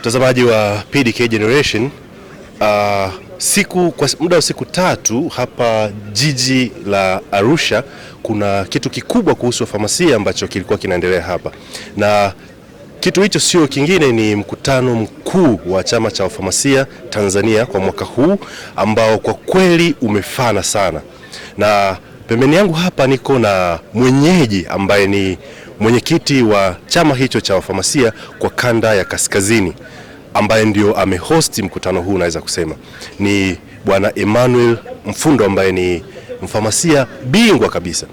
Mtazamaji wa PDK Generation uh, siku kwa muda wa siku tatu hapa jiji la Arusha kuna kitu kikubwa kuhusu wafamasia ambacho kilikuwa kinaendelea hapa, na kitu hicho sio kingine, ni mkutano mkuu wa chama cha wafamasia Tanzania kwa mwaka huu ambao kwa kweli umefana sana, na pembeni yangu hapa niko na mwenyeji ambaye ni mwenyekiti wa chama hicho cha wafamasia kwa kanda ya kaskazini ambaye ndio amehosti mkutano huu naweza kusema ni Bwana Emmanuel Mfundo ambaye ni mfamasia bingwa kabisa.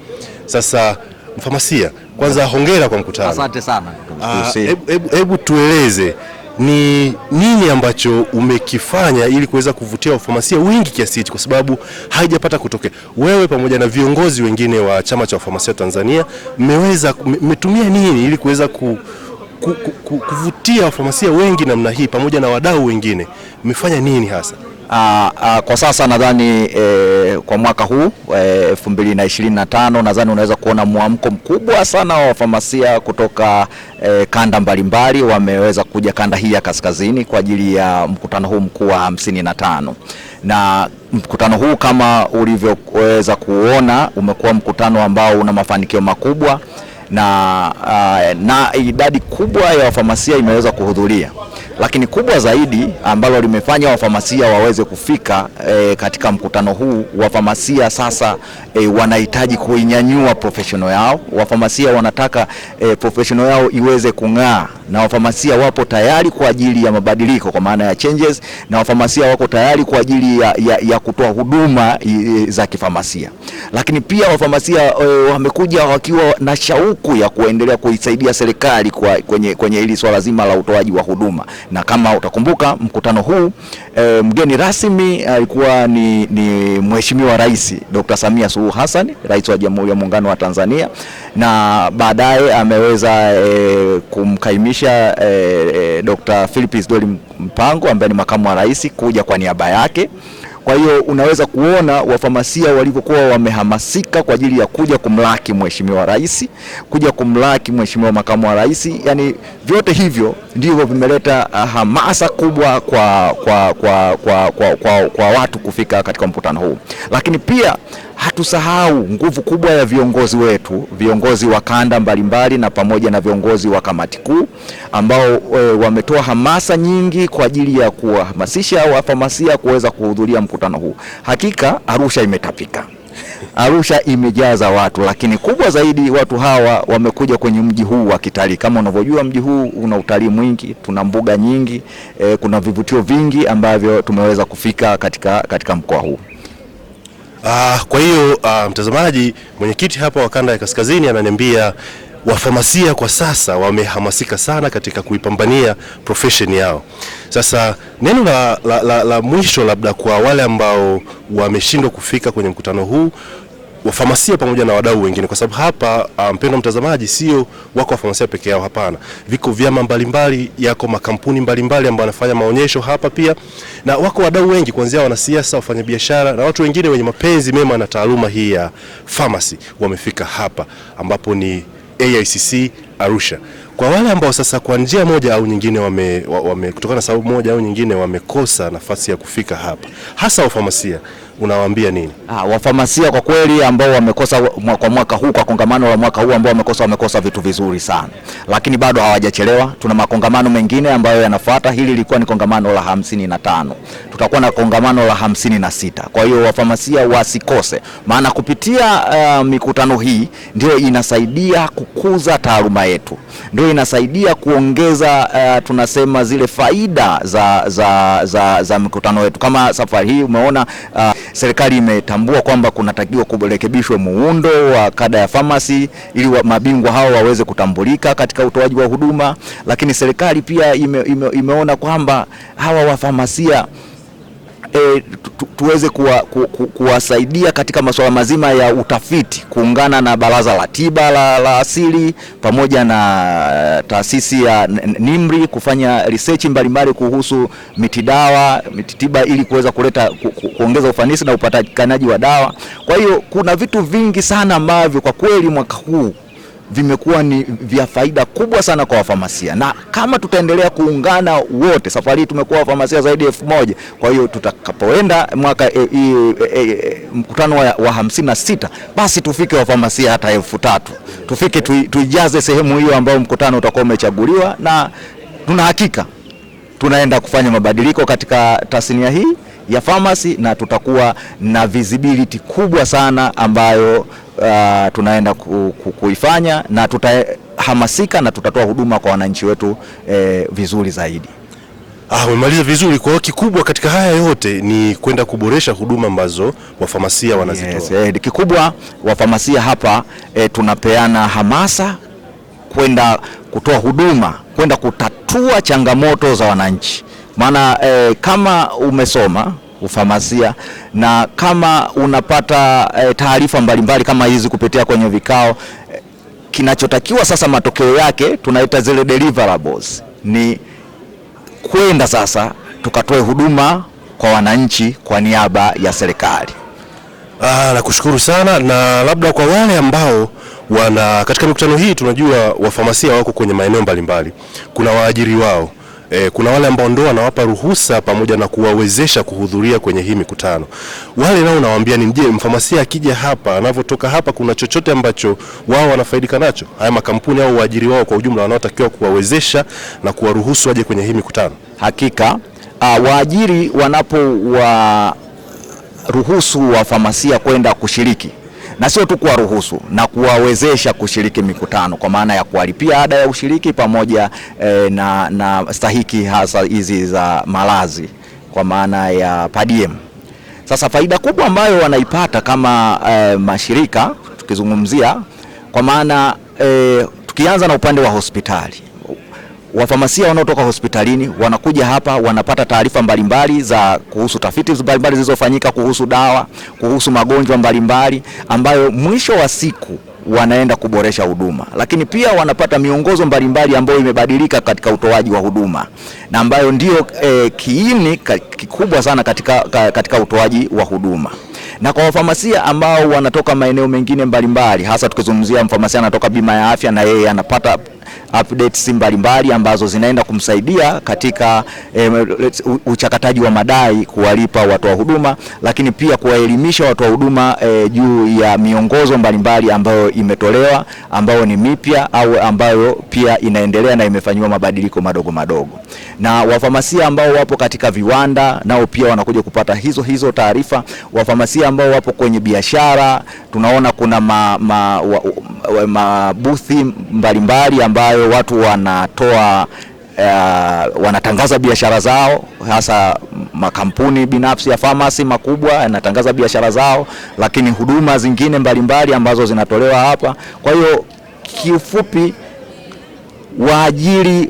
Sasa mfamasia, kwanza hongera kwa mkutano. Asante sana. Ah, hebu tueleze ni nini ambacho umekifanya ili kuweza kuvutia wafamasia wengi kiasi hichi, kwa sababu haijapata kutokea. Wewe pamoja na viongozi wengine wa chama cha wafamasia Tanzania mmeweza mmetumia nini ili kuweza ku ku, ku, kuvutia wafamasia wengi namna hii pamoja na wadau wengine mmefanya nini hasa? Aa, ah, aa, ah, kwa sasa nadhani e, kwa mwaka huu eh, elfu mbili na ishirini na tano nadhani unaweza kuona mwamko mkubwa sana wa wafamasia kutoka e, kanda mbalimbali wameweza kuja kanda hii ya kaskazini kwa ajili ya mkutano huu mkuu wa hamsini na tano na mkutano huu kama ulivyoweza kuona umekuwa mkutano ambao una mafanikio makubwa na, uh, na idadi kubwa ya wafamasia imeweza kuhudhuria lakini kubwa zaidi ambalo limefanya wafamasia waweze kufika e, katika mkutano huu wafamasia sasa e, wanahitaji kuinyanyua professional yao. Wafamasia wanataka e, professional yao iweze kung'aa, na wafamasia wapo tayari kwa ajili ya mabadiliko kwa maana ya changes, na wafamasia wako tayari kwa ajili ya, ya, ya kutoa huduma za kifamasia, lakini pia wafamasia e, wamekuja wakiwa na shauku ya kuendelea kuisaidia serikali kwa, kwenye, kwenye hili swala zima la utoaji wa huduma na kama utakumbuka mkutano huu e, mgeni rasmi eh, alikuwa ni, ni Mheshimiwa Rais Dr. Samia Suluhu Hassan, Rais wa Jamhuri ya Muungano wa Tanzania, na baadaye ameweza e, kumkaimisha e, Dr. Philip Isdori Mpango ambaye ni makamu wa rais kuja kwa niaba yake. Kwa hiyo unaweza kuona wafamasia walivyokuwa wamehamasika kwa ajili ya kuja kumlaki mheshimiwa rais, kuja kumlaki mheshimiwa makamu wa rais. Yani vyote hivyo ndivyo vimeleta ah, hamasa kubwa kwa, kwa, kwa, kwa, kwa, kwa, kwa watu kufika katika mkutano huu, lakini pia hatusahau nguvu kubwa ya viongozi wetu, viongozi wa kanda mbalimbali na pamoja na viongozi wa kamati kuu ambao e, wametoa hamasa nyingi kwa ajili ya kuwahamasisha wafamasia kuweza kuhudhuria mkutano huu. Hakika Arusha imetapika. Arusha imejaza watu, lakini kubwa zaidi watu hawa wamekuja kwenye mji huu wa kitalii. Kama unavyojua mji huu una utalii mwingi, tuna mbuga nyingi e, kuna vivutio vingi ambavyo tumeweza kufika katika, katika mkoa huu. Uh, kwa hiyo uh, mtazamaji, mwenyekiti hapa wa kanda ya kaskazini ananiambia wafamasia kwa sasa wamehamasika sana katika kuipambania profession yao. Sasa neno la, la, la, la mwisho labda kwa wale ambao wameshindwa kufika kwenye mkutano huu wafamasia pamoja na wadau wengine, kwa sababu hapa ah, mpendwa mtazamaji, sio wako wafamasia peke yao, hapana. Viko vyama mbalimbali, yako makampuni mbalimbali ambao wanafanya maonyesho hapa pia, na wako wadau wengi, kuanzia wanasiasa, wafanyabiashara na watu wengine wenye mapenzi mema na taaluma hii ya pharmacy wamefika hapa, ambapo ni AICC Arusha. Kwa wale ambao sasa kwa njia moja au nyingine wame, wame kutokana na sababu moja au nyingine wamekosa nafasi ya kufika hapa, hasa wafamasia unawaambia nini? Ah, wafamasia kwa kweli ambao wamekosa kwa mwaka huu, kwa kongamano la mwaka huu ambao wamekosa, wamekosa vitu vizuri sana, lakini bado hawajachelewa. Tuna makongamano mengine ambayo yanafuata. Hili lilikuwa ni kongamano la hamsini na tano, tutakuwa na kongamano la hamsini na sita. Kwa hiyo wafamasia wasikose, maana kupitia uh, mikutano hii ndio inasaidia kukuza taaluma yetu, ndio inasaidia kuongeza uh, tunasema zile faida za, za, za, za, za mikutano yetu. Kama safari hii umeona uh, serikali imetambua kwamba kunatakiwa kurekebishwe muundo wa kada ya famasi ili wa mabingwa hao waweze kutambulika katika utoaji wa huduma, lakini serikali pia ime, ime, imeona kwamba hawa wafamasia e, tu, tuweze kuwa, ku, ku, kuwasaidia katika masuala mazima ya utafiti, kuungana na Baraza la Tiba la, la Asili pamoja na eh, taasisi ya NIMRI kufanya research mbalimbali kuhusu mitidawa, mititiba ili kuweza kuleta ku, ku, kuongeza ufanisi na upatikanaji wa dawa. Kwa hiyo kuna vitu vingi sana ambavyo kwa kweli mwaka huu vimekuwa ni vya faida kubwa sana kwa wafamasia, na kama tutaendelea kuungana wote, safari hii tumekuwa wafamasia zaidi ya elfu moja. Kwa hiyo tutakapoenda mwaka e, e, e, mkutano wa, wa hamsini na sita basi tufike wafamasia hata elfu tatu tufike tu, tuijaze sehemu hiyo ambayo mkutano utakuwa umechaguliwa, na tuna hakika tunaenda kufanya mabadiliko katika tasnia hii ya pharmacy na tutakuwa na visibility kubwa sana ambayo uh, tunaenda ku, ku, kuifanya na tutahamasika na tutatoa huduma kwa wananchi wetu eh, vizuri zaidi. Ah, umemaliza vizuri. Kwa hiyo kikubwa katika haya yote ni kwenda kuboresha huduma ambazo wafamasia wanazitoa. Yes, eh, kikubwa wafamasia hapa eh, tunapeana hamasa kwenda kutoa huduma, kwenda kutatua changamoto za wananchi maana e, kama umesoma ufamasia na kama unapata e, taarifa mbalimbali kama hizi kupitia kwenye vikao e, kinachotakiwa sasa, matokeo yake tunaita zile deliverables ni kwenda sasa tukatoe huduma kwa wananchi kwa niaba ya serikali. Ah, nakushukuru sana, na labda kwa wale ambao wana katika mikutano hii, tunajua wafamasia wako kwenye maeneo mbalimbali, kuna waajiri wao E, kuna wale ambao ndo wanawapa ruhusa pamoja na kuwawezesha kuhudhuria kwenye hii mikutano. Wale nao nawaambia ni mje, mfamasia akija hapa, anavyotoka hapa, kuna chochote ambacho wao wanafaidika nacho, haya makampuni au waajiri wao kwa ujumla wanaotakiwa kuwawezesha na kuwaruhusu waje kwenye hii mikutano. Hakika uh, waajiri wanapowaruhusu wafamasia kwenda kushiriki na sio tu kuwaruhusu na kuwawezesha kushiriki mikutano kwa maana ya kuwalipia ada ya ushiriki pamoja eh, na, na stahiki hasa hizi za malazi kwa maana ya padiem. Sasa faida kubwa ambayo wanaipata kama eh, mashirika tukizungumzia kwa maana eh, tukianza na upande wa hospitali wafamasia wanaotoka hospitalini wanakuja hapa, wanapata taarifa mbalimbali za kuhusu tafiti mbalimbali zilizofanyika kuhusu dawa, kuhusu magonjwa mbalimbali ambayo mwisho wa siku wanaenda kuboresha huduma, lakini pia wanapata miongozo mbalimbali ambayo imebadilika katika utoaji wa huduma na ambayo ndiyo e, eh, kiini kikubwa sana katika, katika utoaji wa huduma na kwa wafamasia ambao wanatoka maeneo mengine mbalimbali, hasa tukizungumzia mfamasia anatoka bima ya afya, na yeye anapata updates mbalimbali ambazo zinaenda kumsaidia katika e, uchakataji wa madai, kuwalipa watoa huduma, lakini pia kuwaelimisha watoa huduma e, juu ya miongozo mbalimbali ambayo imetolewa ambayo ni mipya au ambayo pia inaendelea na imefanyiwa mabadiliko madogo madogo. Na wafamasia ambao wapo katika viwanda nao pia wanakuja kupata hizo hizo taarifa. Wafamasia ambao wapo kwenye biashara tunaona kuna mabuthi ma, ma, ma mbalimbali ambayo ambayo watu wanatoa Uh, wanatangaza biashara zao hasa makampuni binafsi ya famasi makubwa yanatangaza biashara zao, lakini huduma zingine mbalimbali mbali ambazo zinatolewa hapa. Kwa hiyo kiufupi, waajiri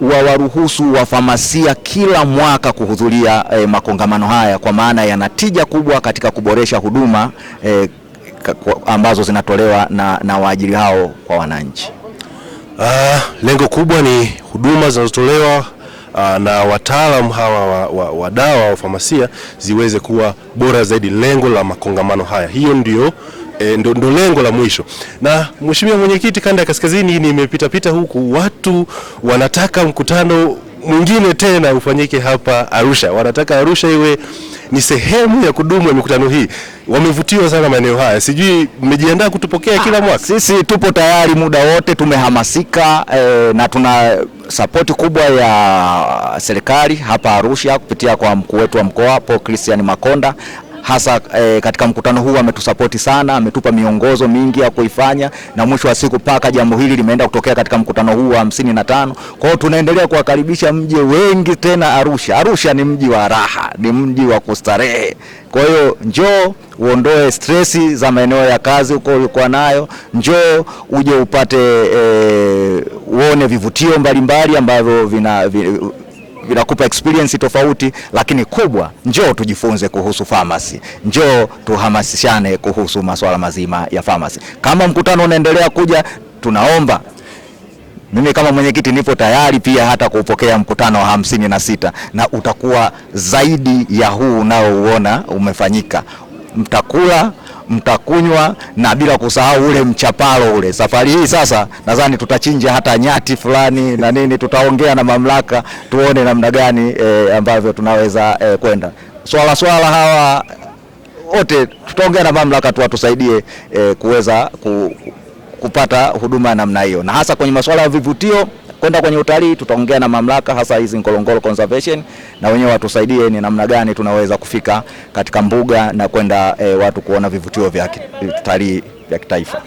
wa waruhusu wafamasia kila mwaka kuhudhuria eh, makongamano haya kwa maana yana tija kubwa katika kuboresha huduma eh, ambazo zinatolewa na, na waajiri hao kwa wananchi. Uh, lengo kubwa ni huduma zinazotolewa uh, na wataalam hawa wa, wa, wa dawa wa famasia ziweze kuwa bora zaidi, lengo la makongamano haya. Hiyo ndio E, eh, ndo, ndo lengo la mwisho. Na Mheshimiwa Mwenyekiti, kanda ya Kaskazini, nimepitapita huku, watu wanataka mkutano mwingine tena ufanyike hapa Arusha. Wanataka Arusha iwe ni sehemu ya kudumu ya mikutano hii. Wamevutiwa sana maeneo haya, sijui mmejiandaa kutupokea kila ah, mwaka? Sisi tupo tayari muda wote, tumehamasika e, na tuna sapoti kubwa ya serikali hapa Arusha kupitia kwa mkuu wetu wa mkoa Paul Christian Makonda hasa e, katika mkutano huu ametusapoti sana, ametupa miongozo mingi ya kuifanya, na mwisho wa siku paka jambo hili limeenda kutokea katika mkutano huu wa hamsini na tano. Kwa hiyo tunaendelea kuwakaribisha mje wengi tena Arusha. Arusha ni mji wa raha, ni mji wa kustarehe. Kwa hiyo njoo uondoe stresi za maeneo ya kazi huko ulikuwa nayo, njoo uje upate e, uone vivutio mbalimbali ambavyo vina vinakupa experience tofauti, lakini kubwa, njoo tujifunze kuhusu pharmacy, njoo tuhamasishane kuhusu masuala mazima ya pharmacy. Kama mkutano unaendelea kuja, tunaomba mimi kama mwenyekiti nipo tayari pia hata kuupokea mkutano wa hamsini na sita na utakuwa zaidi ya huu unaouona umefanyika. Mtakula mtakunywa na bila kusahau ule mchapalo ule. Safari hii sasa nadhani tutachinja hata nyati fulani na nini, tutaongea na mamlaka tuone namna gani e, ambavyo tunaweza e, kwenda swala swala hawa wote tutaongea na mamlaka tu watusaidie e, kuweza ku, kupata huduma ya namna hiyo, na hasa kwenye masuala ya vivutio kwenda kwenye utalii, tutaongea na mamlaka hasa hizi Ngorongoro Conservation, na wenyewe watusaidie ni namna gani tunaweza kufika katika mbuga na kwenda e, watu kuona vivutio vya utalii vya kitaifa.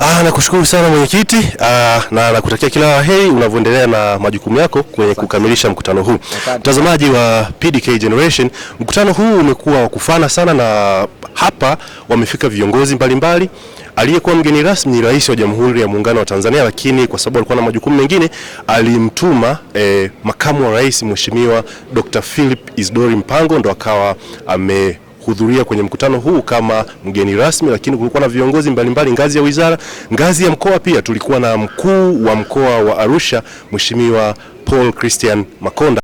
Ah, nakushukuru sana mwenyekiti ah, na nakutakia kila la heri unavyoendelea na majukumu yako kwenye kukamilisha mkutano huu. Mtazamaji wa PDK Generation, mkutano huu umekuwa wa kufana sana na hapa wamefika viongozi mbalimbali mbali. Aliyekuwa mgeni rasmi ni Rais wa Jamhuri ya Muungano wa Tanzania, lakini kwa sababu alikuwa na majukumu mengine alimtuma eh, makamu wa rais Mheshimiwa Dr. Philip Isdori Mpango ndo akawa ame hudhuria kwenye mkutano huu kama mgeni rasmi, lakini kulikuwa na viongozi mbalimbali ngazi ya wizara, ngazi ya mkoa pia. Tulikuwa na mkuu wa mkoa wa Arusha Mheshimiwa Paul Christian Makonda.